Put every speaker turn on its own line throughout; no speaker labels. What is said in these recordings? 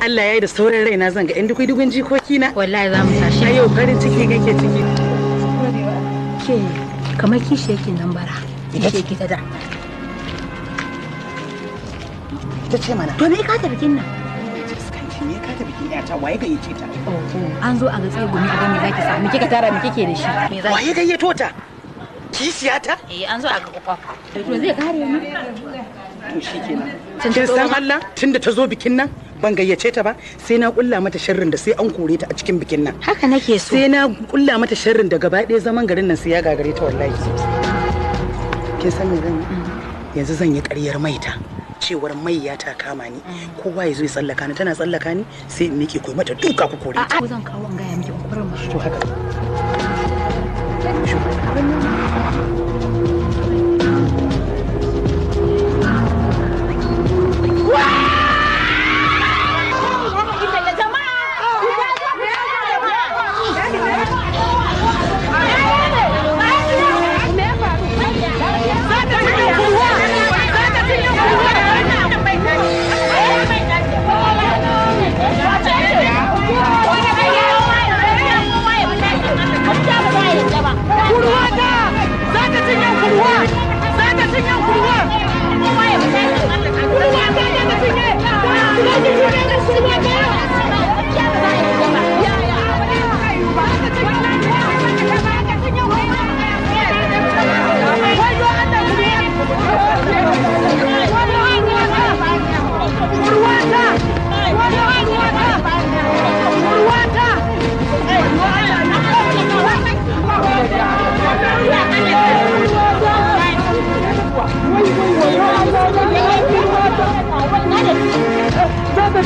Allah ya yi da sauran rai zan ga 'yan duk dugun jikoki na wallahi za mu tashi yau farin ciki kake ciki ke kamar kishi yake nan bara kishi yake ta da ta ce mana to me ka ta bikin nan an zo a ga tsaye gumi a ga me zaki sa me kika tara me kike da shi waye gayyato ta kisiyata? Eh an zo a ga To zai kare tunda ta zo bikin nan ban gayyace ta ba sai na kulla mata sharrin da sai an kore ta a cikin bikin nan haka nake so sai na kulla mata sharrin da gaba ɗaya zaman garin nan sai ya gagare ta wallahi kin san me zan mm. yanzu zan yi ƙaryar maita cewar mai ya ta kama ni mm. kowa ya zo ya tsallaka ni tana tsallaka ni sai in miƙe koyi mata duka ku kore ta zan kawo an gaya miki to haka What do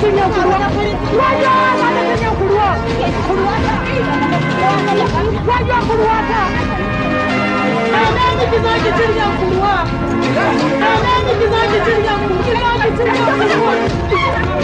opinion kurwa! Wajia wana opinion kurwa! Wajia kurwata! Anani kizaji chirga kurwa! Anani kizaji chirga kurwa! Kizaji chirga kurwa!